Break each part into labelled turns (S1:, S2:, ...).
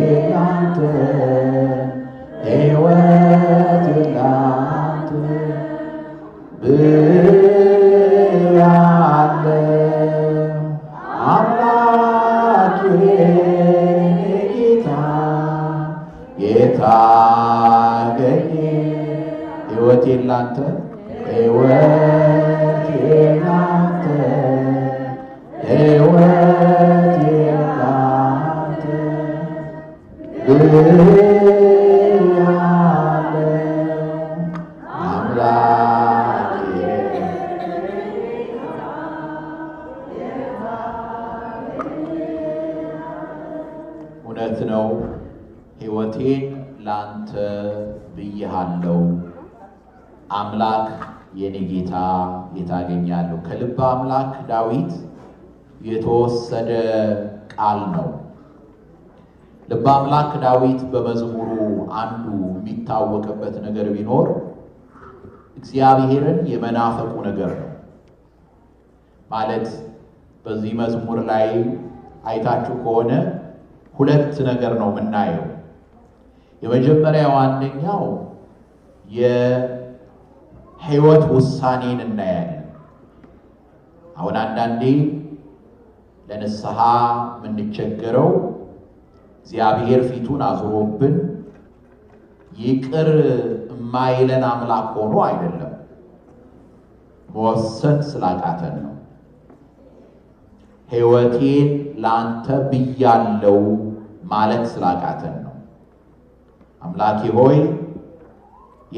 S1: የናንተ ሕይወት የናንተ ብያለ አምላክ ጌታ ጌታ ገኝ ሕይወት የናንተ ሕይወት የናንተ እውነት ነው ሕይወቴን ላንተ ብዬሃለው። አምላክ የኔ ጌታ የታገኛለሁ ከልብ አምላክ ዳዊት የተወሰደ ቃል ነው። ልበ አምላክ ዳዊት በመዝሙሩ አንዱ የሚታወቅበት ነገር ቢኖር እግዚአብሔርን የመናፈቁ ነገር ነው። ማለት በዚህ መዝሙር ላይ አይታችሁ ከሆነ ሁለት ነገር ነው የምናየው። የመጀመሪያው አንደኛው የህይወት ውሳኔን እናያለን። አሁን አንዳንዴ ለንስሐ የምንቸገረው እግዚአብሔር ፊቱን አዙሮብን ይቅር የማይለን አምላክ ሆኖ አይደለም፣ መወሰን ስላቃተን ነው። ሕይወቴን ለአንተ ብያለው ማለት ስላቃተን ነው። አምላኬ ሆይ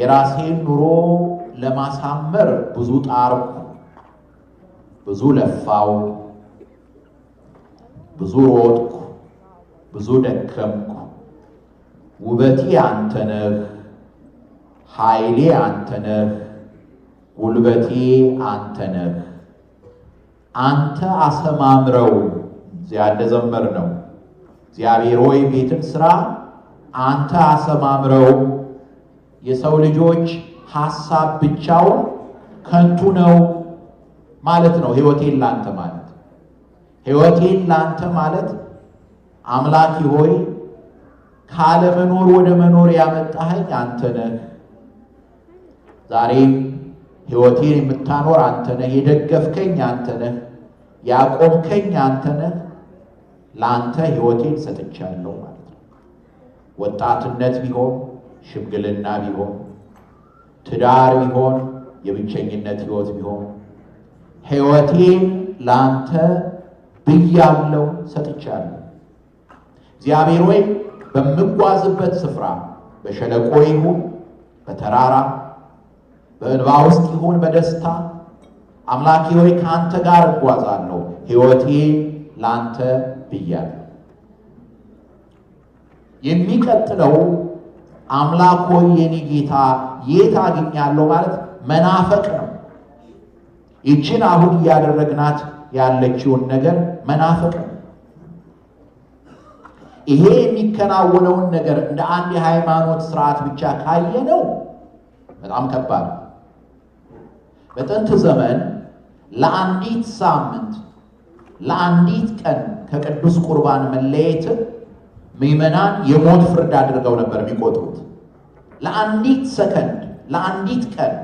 S1: የራሴን ኑሮ ለማሳመር ብዙ ጣርኩ፣ ብዙ ለፋው፣ ብዙ ሮጥኩ ብዙ ደከምኩ፣ ውበቴ ነህ፣ ኃይሌ ነህ፣ ጉልበቴ ነህ። አንተ አሰማምረው እዚያ እንደዘመር ነው። እግዚአብሔር ሆይ ቤትን ስራ፣ አንተ አሰማምረው። የሰው ልጆች ሐሳብ ብቻውን ከንቱ ነው ማለት ነው። ህይወቴን ላንተ ማለት ህይወቴን ላንተ ማለት አምላኪ ሆይ ካለመኖር ወደ መኖር ያመጣኸኝ አንተ ነህ። ዛሬም ሕይወቴን የምታኖር አንተ ነህ። የደገፍከኝ አንተ ነህ። ያቆምከኝ አንተ ነህ። ለአንተ ሕይወቴን ሰጥቻለሁ ማለት ነው። ወጣትነት ቢሆን፣ ሽምግልና ቢሆን፣ ትዳር ቢሆን፣ የብቸኝነት ሕይወት ቢሆን ሕይወቴን ለአንተ ብያለው ሰጥቻለሁ። እግዚአብሔር ወይ በምጓዝበት ስፍራ በሸለቆ ይሁን በተራራ በእንባ ውስጥ ይሁን በደስታ አምላኪ ሆይ ከአንተ ጋር እጓዛለሁ፣ ሕይወቴ ለአንተ ብያለሁ። የሚቀጥለው አምላክ ሆይ የኔ ጌታ የት አገኛለሁ ማለት መናፈቅ ነው። ይችን አሁን እያደረግናት ያለችውን ነገር መናፈቅ ነው። ይሄ የሚከናወነውን ነገር እንደ አንድ የሃይማኖት ስርዓት ብቻ ካየ ነው በጣም ከባድ። በጥንት ዘመን ለአንዲት ሳምንት ለአንዲት ቀን ከቅዱስ ቁርባን መለየት ምዕመናን የሞት ፍርድ አድርገው ነበር የሚቆጥሩት። ለአንዲት ሰከንድ ለአንዲት ቀን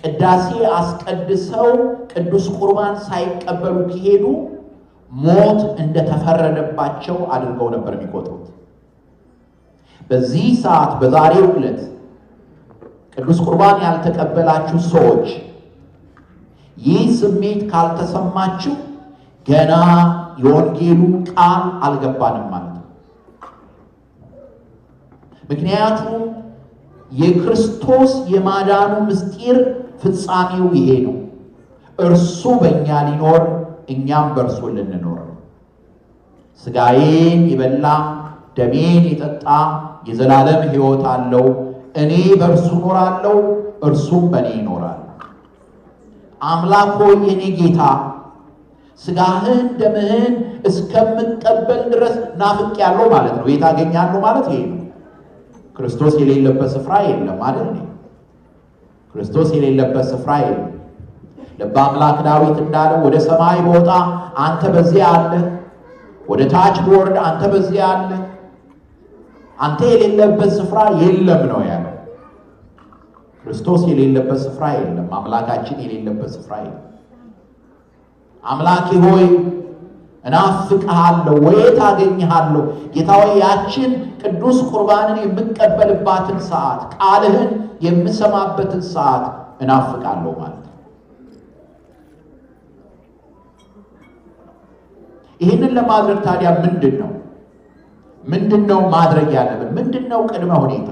S1: ቅዳሴ አስቀድሰው ቅዱስ ቁርባን ሳይቀበሉ ከሄዱ ሞት እንደተፈረደባቸው አድርገው ነበር የሚቆጥሩት። በዚህ ሰዓት በዛሬው ዕለት ቅዱስ ቁርባን ያልተቀበላችሁ ሰዎች ይህ ስሜት ካልተሰማችሁ ገና የወንጌሉ ቃል አልገባንም ማለት ነው። ምክንያቱም የክርስቶስ የማዳኑ ምስጢር ፍጻሜው ይሄ ነው። እርሱ በእኛ ሊኖር እኛም በእርሱ ልንኖር ሥጋዬን የበላ ደሜን የጠጣ የዘላለም ሕይወት አለው፣ እኔ በእርሱ እኖራለሁ፣ እርሱም በእኔ ይኖራል። አምላክ ሆይ የኔ ጌታ ሥጋህን ደምህን እስከምቀበል ድረስ ናፍቅ ያለው ማለት ነው። የት አገኛለሁ ማለት ይሄ ነው። ክርስቶስ የሌለበት ስፍራ የለም አይደል? ክርስቶስ የሌለበት ስፍራ የለም። ልበ አምላክ ዳዊት እንዳለው ወደ ሰማይ በወጣ አንተ በዚያ አለ፣ ወደ ታች ቦርድ አንተ በዚያ አለ፣ አንተ የሌለበት ስፍራ የለም ነው ያለው። ክርስቶስ የሌለበት ስፍራ የለም። አምላካችን የሌለበት ስፍራ የለም። አምላኬ ሆይ እናፍቅሃለሁ፣ ወየት አገኝሃለሁ? ጌታ ሆይ ያችን ቅዱስ ቁርባንን የምቀበልባትን ሰዓት፣ ቃልህን የምሰማበትን ሰዓት እናፍቃለሁ ማለት ነው። ይህንን ለማድረግ ታዲያ ምንድን ነው ምንድን ነው ማድረግ ያለብን? ምንድን ነው ቅድመ ሁኔታ?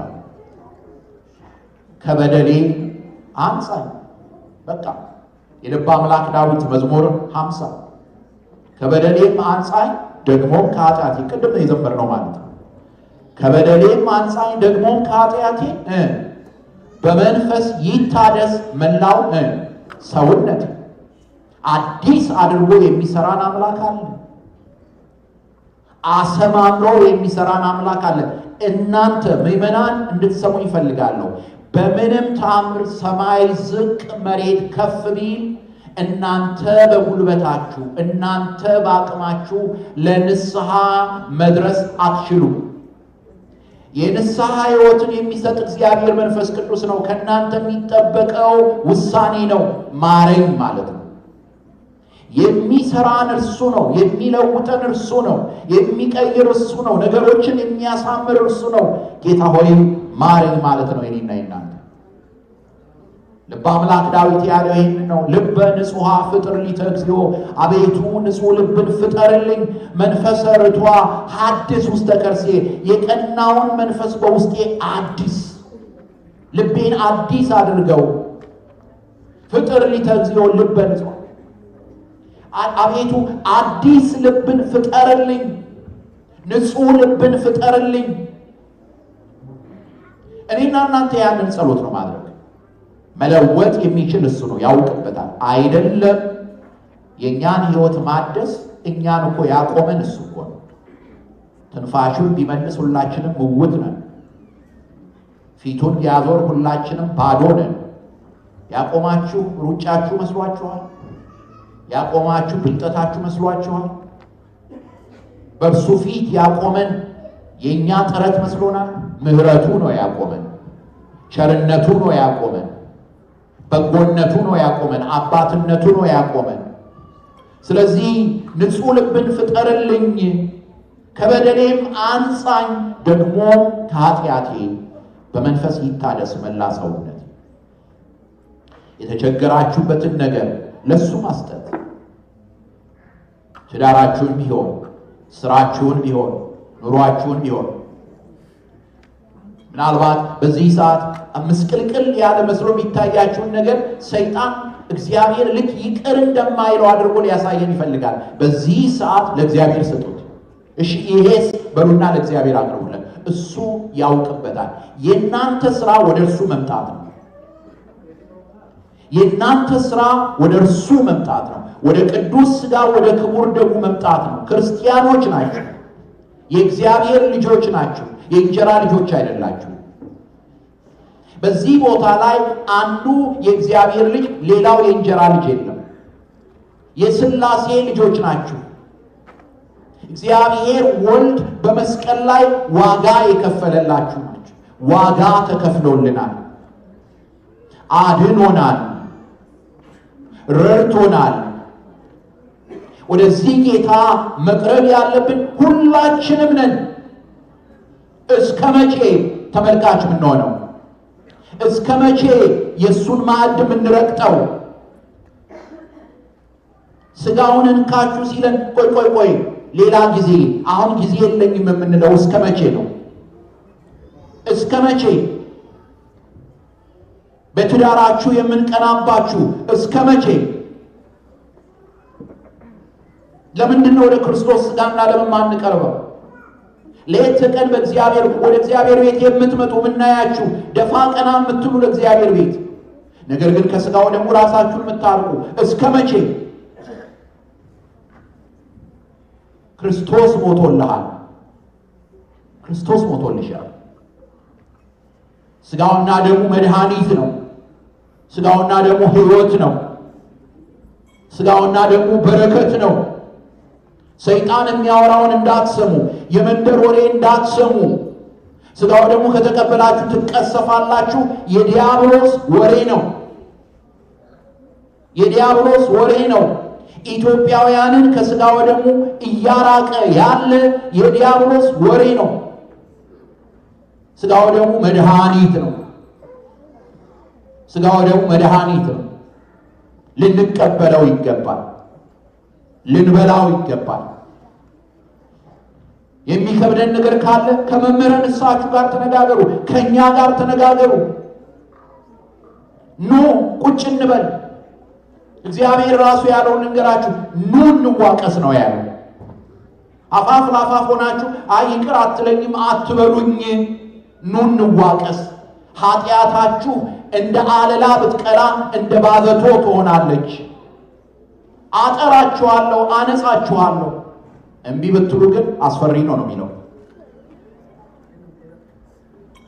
S1: ከበደሌ አንጻኝ። በቃ የልበ አምላክ ዳዊት መዝሙር ሀምሳ ከበደሌም አንጻኝ ደግሞ ከኃጢአቴ። ቅድም ነው ማለት ነው። ከበደሌም አንጻኝ ደግሞ ከኃጢአቴ፣ በመንፈስ ይታደስ መላው ሰውነት። አዲስ አድርጎ የሚሰራን አምላክ አለ። አሰማምሮ የሚሰራን አምላክ አለ። እናንተ ምዕመናን እንድትሰሙ ይፈልጋለሁ። በምንም ተአምር ሰማይ ዝቅ መሬት ከፍ ቢል እናንተ በጉልበታችሁ እናንተ በአቅማችሁ ለንስሐ መድረስ አትችሉም። የንስሐ ሕይወትን የሚሰጥ እግዚአብሔር መንፈስ ቅዱስ ነው። ከእናንተ የሚጠበቀው ውሳኔ ነው፣ ማረኝ ማለት ነው። የሚሰራን እርሱ ነው። የሚለውጠን እርሱ ነው። የሚቀይር እርሱ ነው። ነገሮችን የሚያሳምር እርሱ ነው። ጌታ ሆይ ማረኝ ማለት ነው። የኔና የናንተ ልበ አምላክ ዳዊት ያለው ይህን ነው። ልበ ንጹሐ ፍጥር ሊተግዚኦ አቤቱ ንጹሕ ልብን ፍጠርልኝ፣ መንፈሰ ርቷ ሀድስ ውስተ ከርሴ የቀናውን መንፈስ በውስጤ አዲስ ልቤን አዲስ አድርገው። ፍጥር ሊተግዚኦ ልበ ንጹሐ አቤቱ አዲስ ልብን ፍጠርልኝ፣ ንጹህ ልብን ፍጠርልኝ። እኔና እናንተ ያንን ጸሎት ነው ማድረግ። መለወጥ የሚችል እሱ ነው፣ ያውቅበታል። አይደለም የእኛን ህይወት ማደስ እኛን እኮ ያቆመን እሱ እኮ ነው። ትንፋሹን ቢመልስ ሁላችንም ምውት ነን። ፊቱን ያዞር ሁላችንም ባዶ ነን። ያቆማችሁ ሩጫችሁ መስሏችኋል? ያቆማችሁ ብልጠታችሁ መስሏችኋል? በእርሱ ፊት ያቆመን የእኛ ጥረት መስሎናል? ምሕረቱ ነው ያቆመን፣ ቸርነቱ ነው ያቆመን፣ በጎነቱ ነው ያቆመን፣ አባትነቱ ነው ያቆመን። ስለዚህ ንጹሕ ልብን ፍጠርልኝ፣ ከበደሌም አንጻኝ፣ ደግሞ ከኃጢአቴ በመንፈስ ይታደስ መላ ሰውነት የተቸገራችሁበትን ነገር ለሱ ማስጠት ትዳራችሁን ቢሆን ስራችሁን ቢሆን ኑሯችሁን ቢሆን ምናልባት በዚህ ሰዓት ምስቅልቅል ያለ መስሎ የሚታያችሁን ነገር ሰይጣን እግዚአብሔር ልክ ይቅር እንደማይለው አድርጎ ሊያሳየን ይፈልጋል። በዚህ ሰዓት ለእግዚአብሔር ስጡት። እሺ ይሄስ በሉና ለእግዚአብሔር አቅርቡለት። እሱ ያውቅበታል። የእናንተ ስራ ወደ እርሱ መምጣት ነው። የእናንተ ስራ ወደ እርሱ መምጣት ነው። ወደ ቅዱስ ሥጋ ወደ ክቡር ደሙ መምጣት ነው። ክርስቲያኖች ናችሁ፣ የእግዚአብሔር ልጆች ናችሁ፣ የእንጀራ ልጆች አይደላችሁ። በዚህ ቦታ ላይ አንዱ የእግዚአብሔር ልጅ፣ ሌላው የእንጀራ ልጅ የለም። የሥላሴ ልጆች ናችሁ። እግዚአብሔር ወልድ በመስቀል ላይ ዋጋ የከፈለላችሁ ናችሁ። ዋጋ ተከፍሎልናል፣ አድኖናል፣ ረድቶናል። ወደዚህ ጌታ መቅረብ ያለብን ሁላችንም ነን። እስከ መቼ ተመልካች የምንሆነው? እስከ መቼ የእሱን ማዕድ የምንረቅጠው? ስጋውንን እንካችሁ ሲለን ቆይ ቆይ ቆይ ሌላ ጊዜ፣ አሁን ጊዜ የለኝም የምንለው እስከ መቼ ነው? እስከ መቼ በትዳራችሁ የምንቀናባችሁ እስከ መቼ ለምንድን ነው ወደ ክርስቶስ ስጋና ደም የማንቀርበው? ለየት ተቀን በእግዚአብሔር ወደ እግዚአብሔር ቤት የምትመጡ የምናያችሁ ደፋ ቀና የምትሉ ለእግዚአብሔር ቤት ነገር ግን ከስጋው ደግሞ ራሳችሁን የምታርቁ እስከ መቼ? ክርስቶስ ሞቶልሃል። ክርስቶስ ሞቶልሻል። ስጋውና ደሙ መድኃኒት ነው። ስጋውና ደሙ ህይወት ነው። ስጋውና ደሙ በረከት ነው። ሰይጣን የሚያወራውን እንዳትሰሙ፣ የመንደር ወሬ እንዳትሰሙ። ስጋው ደግሞ ከተቀበላችሁ ትቀሰፋላችሁ። የዲያብሎስ ወሬ ነው፣ የዲያብሎስ ወሬ ነው። ኢትዮጵያውያንን ከስጋው ደግሞ እያራቀ ያለ የዲያብሎስ ወሬ ነው። ስጋው ደግሞ መድኃኒት ነው። ሥጋው ደግሞ መድኃኒት ነው። ልንቀበለው ይገባል። ልንበላው ይገባል። የሚከብደን ነገር ካለ ከመምህረ እሳችሁ ጋር ተነጋገሩ፣ ከእኛ ጋር ተነጋገሩ። ኑ ቁጭ እንበል። እግዚአብሔር ራሱ ያለውን ንገራችሁ። ኑ እንዋቀስ ነው ያለው። አፋፍ ለአፋፍ ሆናችሁ አይ ይቅር አትለኝም አትበሉኝ፣ ኑ እንዋቀስ። ኃጢአታችሁ እንደ አለላ ብትቀላ እንደ ባዘቶ ትሆናለች። አጠራችኋለሁ፣ አነጻችኋለሁ። እምቢ ብትሉ ግን አስፈሪ ነው ነው የሚለው።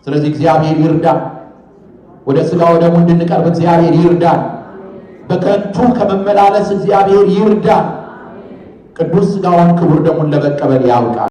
S1: ስለዚህ እግዚአብሔር ይርዳን። ወደ ስጋ ወደሙ እንድንቀርብ እግዚአብሔር ይርዳን። በከንቱ ከመመላለስ እግዚአብሔር ይርዳን። ቅዱስ ስጋውን ክቡር ደሙን ለመቀበል ያውቃል።